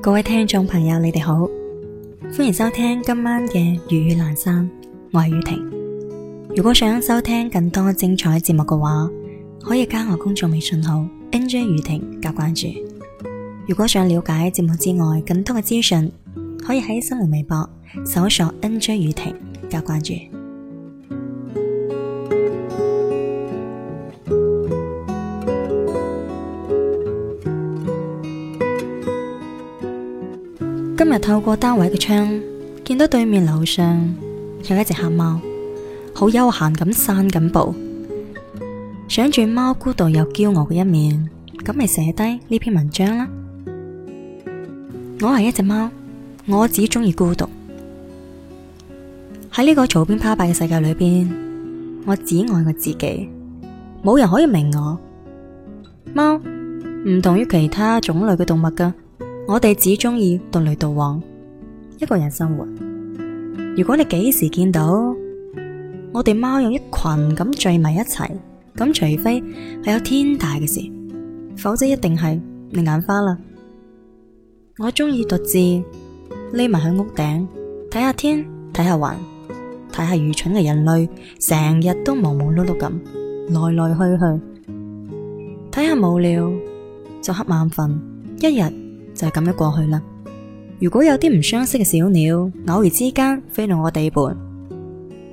各位聽眾朋友，你哋好，歡迎收聽今晚嘅粵語闌珊，我係雨婷。如果想收聽更多精彩節目嘅話，可以加我工作微信號 nj 雨婷加關注。如果想了解節目之外更多嘅資訊，可以喺新浪微博搜索 nj 雨婷加關注。今日透過單位嘅窗，見到對面樓上有一隻黑貓，好悠閒咁散緊步。想住貓孤獨又驕傲嘅一面，咁咪寫低呢篇文章啦。我係一隻貓，我只中意孤獨。喺呢個嘈喧巴閉嘅世界裏邊，我只愛我自己，冇人可以明我。貓唔同於其他種類嘅動物噶。我哋只中意獨來獨往，一個人生活。如果你幾時見到我哋貓有一群咁聚埋一齊，咁除非係有天大嘅事，否則一定係你眼花啦。我中意獨自匿埋喺屋頂睇下天，睇下雲，睇下愚蠢嘅人類成日都忙忙碌碌咁來來去去，睇下無聊就瞌眼瞓，一日。就係咁樣過去啦。如果有啲唔相識嘅小鳥，偶然之間飛到我地盤，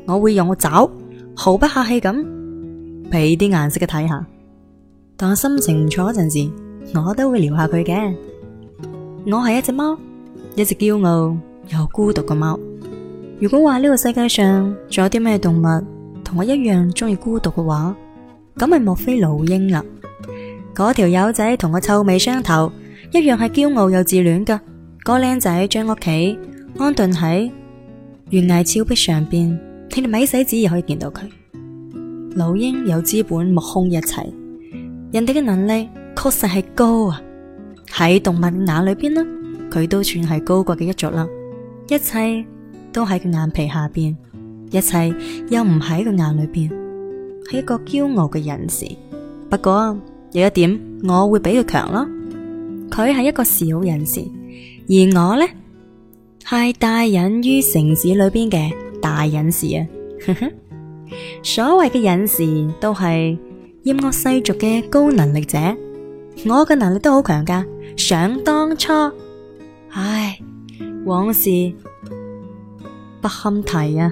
我會用個爪毫不客氣咁畀啲顏色嘅睇下。但我心情唔錯嗰陣時，我都會撩下佢嘅。我係一隻貓，一隻驕傲又孤獨嘅貓。如果話呢個世界上仲有啲咩動物同我一樣中意孤獨嘅話，咁咪莫非老鷹啦？嗰條友仔同我臭味相投。一樣係驕傲又自戀噶。嗰、那個靚仔將屋企安頓喺懸崖峭壁上邊，你哋咪使旨意可以見到佢。老鷹有資本目空一切，人哋嘅能力確實係高啊。喺動物眼裏邊啦，佢都算係高貴嘅一族啦。一切都喺佢眼皮下邊，一切又唔喺佢眼裏邊，係一個驕傲嘅隱士。不過有一點，我會比佢強咯。佢係一個小隱士，而我呢，係大隱於城市裏邊嘅大隱士啊！ 所謂嘅隱士都係厭惡世俗嘅高能力者，我嘅能力都好強噶，想當初，唉，往事不堪提啊！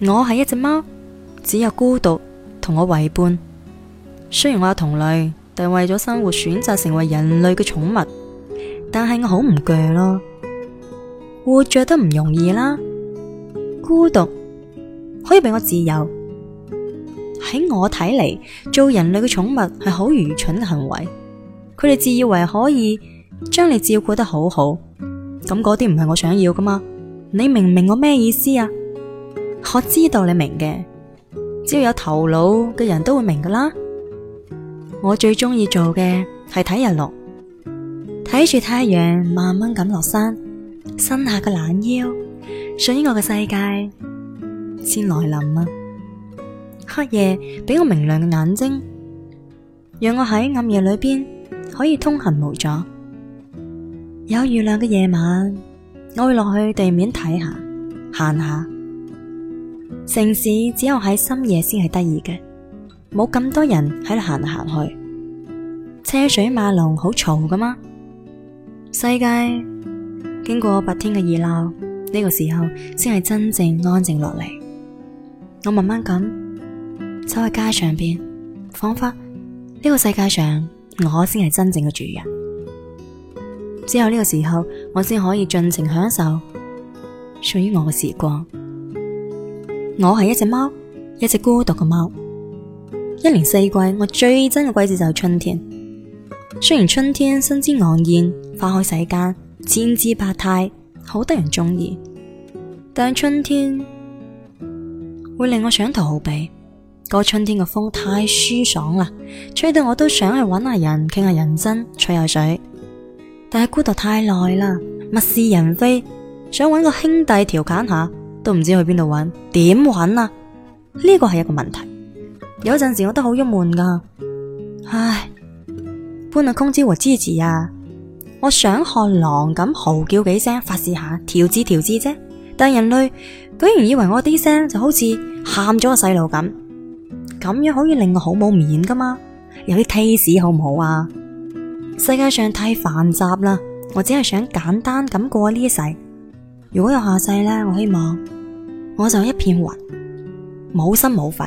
我係一隻貓，只有孤獨同我為伴。雖然我有同類，但係為咗生活選擇成為人類嘅寵物，但係我好唔攰咯。活着都唔容易啦，孤獨可以俾我自由。喺我睇嚟，做人類嘅寵物係好愚蠢嘅行為，佢哋自以為可以。將你照顧得好好，咁嗰啲唔係我想要噶嘛？你明唔明我咩意思啊？我知道你明嘅，只要有頭腦嘅人都會明噶啦。我最中意做嘅係睇日落，睇住太陽慢慢咁落山，伸下個懶腰，屬於我嘅世界先來臨啊。黑夜俾我明亮嘅眼睛，讓我喺暗夜裏邊可以通行無阻。有月亮嘅夜晚，我會落去地面睇下、行下。城市只有喺深夜先係得意嘅，冇咁多人喺度行嚟行去，車水馬龍好嘈噶嘛。世界經過白天嘅熱鬧，呢個時候先係真正安靜落嚟。我慢慢咁走喺街上邊，仿佛呢個世界上我先係真正嘅主人。只有呢個時候，我先可以盡情享受屬於我嘅時光。我係一隻貓，一隻孤獨嘅貓。一年四季，我最憎嘅季節就係春天。雖然春天生機盎然，花開世間，千姿百態，好得人中意，但春天會令我想逃避。嗰個春天嘅風太舒爽啦，吹到我都想去揾下人傾下人生，吹下水。但係孤獨太耐啦，物是人非，想搵個兄弟調侃下，都唔知去邊度搵，點搵啊？呢個係一個問題。有陣時我都好鬱悶噶，唉，搬下空招和支持啊！我想學狼咁嚎叫幾聲，發泄下，調節調節啫。但人類居然以為我啲聲就好似喊咗個細路咁，咁樣可以令我好冇面噶嘛？有啲 taste 好唔好啊？世界上太繁雜啦，我只係想簡單咁過呢一世。如果有下世咧，我希望我就係一片雲，冇心冇肺，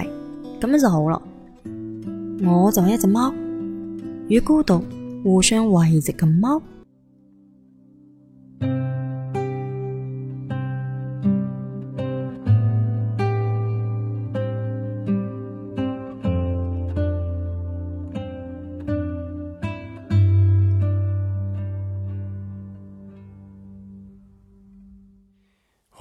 咁樣就好咯。我就係一隻貓，與孤獨互相慰藉嘅貓。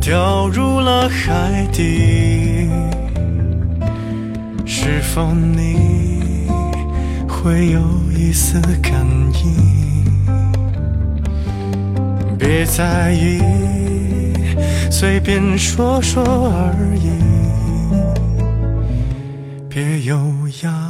掉入了海底，是否你會有一絲感應？別在意，隨便說說而已，別優雅。